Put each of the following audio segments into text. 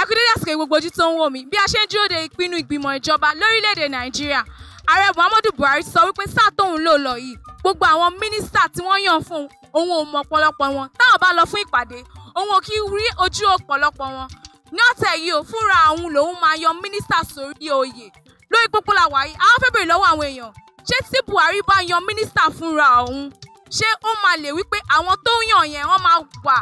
ẹkúndédé àsìkò gbogbo ojú tó ń wò mí bí a ṣe ń dúró de ìpinnu ìgbìmọ̀ ìjọba lórílẹ̀‐èdè nàìjíríà ààrẹ muhammadu buhari sọ wípé sáà tóun lò lọ yìí gbogbo àwọn mínísítà tí wọ́n yàn fún òun ò mọ ọ̀pọ̀lọpọ̀ wọn táwọn bá lọ fún ìpàdé òun ò kí rí ojú ọ̀pọ̀lọpọ̀ wọn ní ọ̀tẹ̀ yìí ò fúnra òun lòun máa yan mínísítà sórí oyè lórí pópó la wà yìí àwọn fẹ́ bèrè lọ́wọ́ àwọn èèyàn ṣé tí buhari bá yan mínísítà fúnra òun ṣé ó máa lè wípé àwọn tó yàn yẹn wọ́n máa wà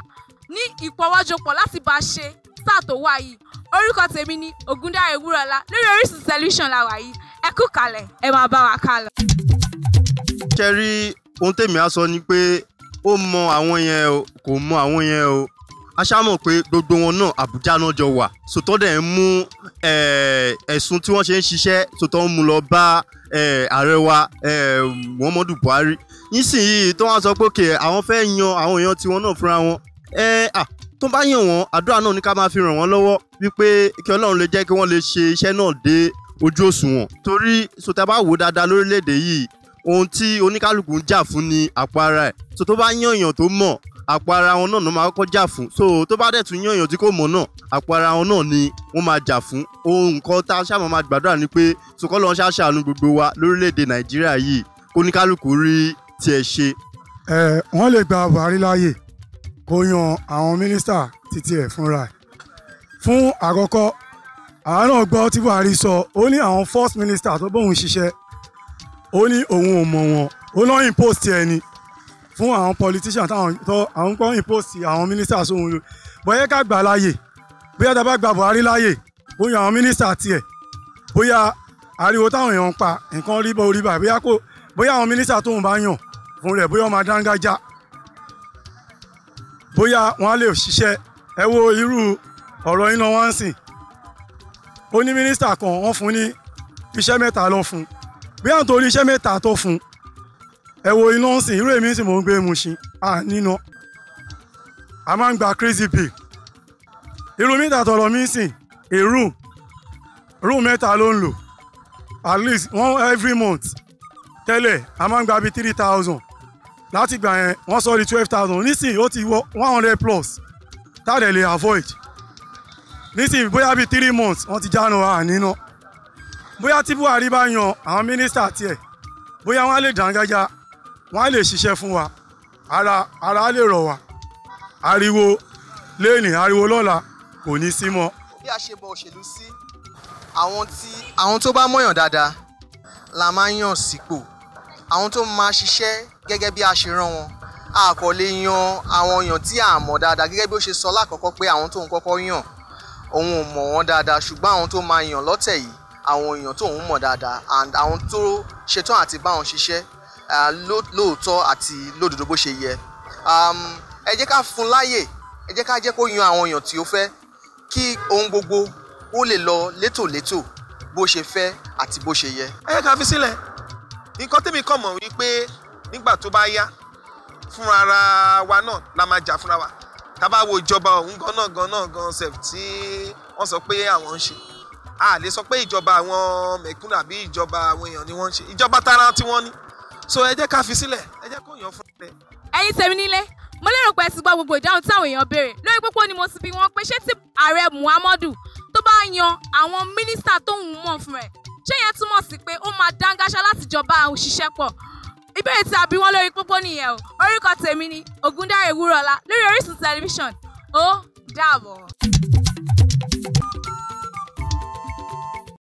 ní ìpọwọ́jọpọ̀ láti bá a ṣe sáà tó wá yìí orúkọ tèmi ni Ògúndáre Wúrọ̀lá lórí Orísun tẹlifíṣàn la wà yìí ẹ kú kalẹ̀ ẹ máa bá wa ká lọ. ṣe ohun tèmi á sọ ni pé ó mọ àwọn yẹn o kò mọ àwọn yẹn o a ṣá mọ̀ pé gbogbo wọn náà Àbújá náà jọ wà sòtọ́ dẹ̀ ń mú ẹ̀sùn tí wọ́n ṣe ń ṣiṣẹ́ sòtọ́ ń mú lọ bá ààrẹ wa Muhammadu Buhari nísìnyí tó wọ́n sọ pé kè àwọn fẹ́ yan àwọn èèyàn tiwọn náà fúnra wọn ẹ à tó bá yàn wọ́n àdúrà náà ní ká máa fi ràn wọ́n lọ́wọ́ wípé kí Ọlọ́run lè jẹ́ kí wọ́n lè ṣe iṣẹ́ náà dé ojú òṣùwọ̀n torí sọtẹ́ bá wò dáadáa lórílẹ̀‐èdè yìí ohun tí oníkálukú ń jà fún ni àpò ara ẹ̀ so tó bá yàn èèyàn tó mọ̀ àpò ara wọn náà ló máa kọ́kọ́ jà fún so tó bá dẹ̀ tún yàn èèyàn tí kò mọ̀ náà àpò ara wọn náà ni wọ́n máa jà fún ohun nǹkan tá a ṣáà máa gbàdúrà ni pé sọkọ́ lọ́n ṣàṣàánú gbogbo wa lórílẹ̀‐èdè Nàìjíríà yìí oníkálukú rí tiẹ̀ ṣe. ẹ wọn lè gba Buhari láàyè kó yan àwọn mínísítà títí ẹ̀ fúnra ẹ̀ fún àkọ́kọ́ àwa náà gbọ́ tí Buhari sọ ó ní àwọn first minister tó bóun ṣiṣẹ́ ó ní òun ò mọ̀ wọ́n ó lọ́ impost ẹni fún àwọn politician táwọn tó àwọn kọ́ impost àwọn minister sóhun lò bóyá ká gbà láàyè bóyá tá a bá gba Buhari láàyè ó àwọn minister tiẹ̀ bóyá ariwo táwọn èèyàn pa nǹkan rí bó rí báyìí bóyá kò bóyá àwọn minister tóun bá yàn fún rẹ̀ bóyá ó máa bóyá wọn á lè ṣiṣẹ́ ẹ wo irú ọ̀rọ̀ yín lọ wọ́n ń sìn ó ní mínísítà kan wọ́n fún ní iṣẹ́ mẹ́ta lọ fún bí àwọn torí iṣẹ́ mẹ́ta tó fún ẹ wo iná ń sìn irú èmi sì mò ń gbé Mushin à nínú a máa ń gba crazy pay irú mítà tọ̀rọ̀ mi sìn èrú rúù mẹ́ta ló ń lò at least one every month tẹ́lẹ̀ a máa ń gba bíi three thousand láti gbà yẹn wọ́n sọ di twelve thousand nísìnyí ó ti wọ one hundred plus táà dẹ̀ lè avoid nísìnyí bóyá bíi three months wọ́n ti jánu àníná bóyá tí Buhari bá yan àwọn mínísítà tiẹ̀ bóyá wọ́n á lè dàngájá wọ́n á lè ṣiṣẹ́ fún wa ara ara á lè rọ̀ wá ariwo lẹ́nì ariwo lọ́la kò ní sí mọ́. bí a ṣe bọ òṣèlú sí àwọn tí àwọn tó bá mọ̀yàn dáadáa la máa ń yàn sípò àwọn tó máa ṣiṣẹ́ gẹ́gẹ́ bí a ṣe rán wọn a kò lè yan àwọn èèyàn tí a mọ̀ dáadáa gẹ́gẹ́ bí ó ṣe sọ lákọ̀ọ́kọ́ pé àwọn tóun kọ́kọ́ yàn òun ò mọ̀ wọ́n dáadáa ṣùgbọ́n àwọn tó máa yàn lọ́tẹ̀ yìí àwọn èèyàn tóun mọ̀ dáadáa and àwọn tó ṣetán àti báwọn ṣiṣẹ́ lóòótọ́ àti lódodo bó ṣe yẹ ẹ jẹ́ ká fún láyè ẹ jẹ́ ká jẹ́ kó yan àwọn èèyàn tí ó fẹ́ kí ohun gbogbo ó lè lọ létòlétò bó ṣe fẹ́ àti bó ṣe yẹ. ẹ yẹ ká fi sílẹ̀ nǹkan tẹ́mi kàn mọ̀ wípé nígbà tó bá yá fúnra wa náà la máa jà fúnra wa tá a bá wo ìjọba ọ̀hún ganan ganan gan sef tí wọ́n sọ pé àwọn ń ṣe a lè sọ pé ìjọba àwọn mẹ̀kúnnù àbí ìjọba àwọn èèyàn ni wọ́n ń ṣe ìjọba tara tí wọ́n ní so ẹ jẹ́ ká fi sílẹ̀ ẹ jẹ́ kó yàn fúnra rẹ̀. ẹ̀yin tèmi nílé mo lérò pé ẹ ti gbọ́ gbogbo ìdáhùn táwọn èèyàn béèrè lórí pópó ni mo ti bi wọn pé ṣé tí ààrẹ Muhammadu tó bá yan àwọn mínísítà tóun mọ̀ fún rẹ̀ ṣé yẹn túmọ̀ sí pé ó máa dángáṣá láti jọba òṣìṣẹ́ pọ̀ ìbéèrè tí a bí wọn lórí pópó nìyẹn o orúkọ tèmi ni Ògúndáre Wúrọ̀lá lórí Orísun tẹlifíṣàn ó dàbọ̀.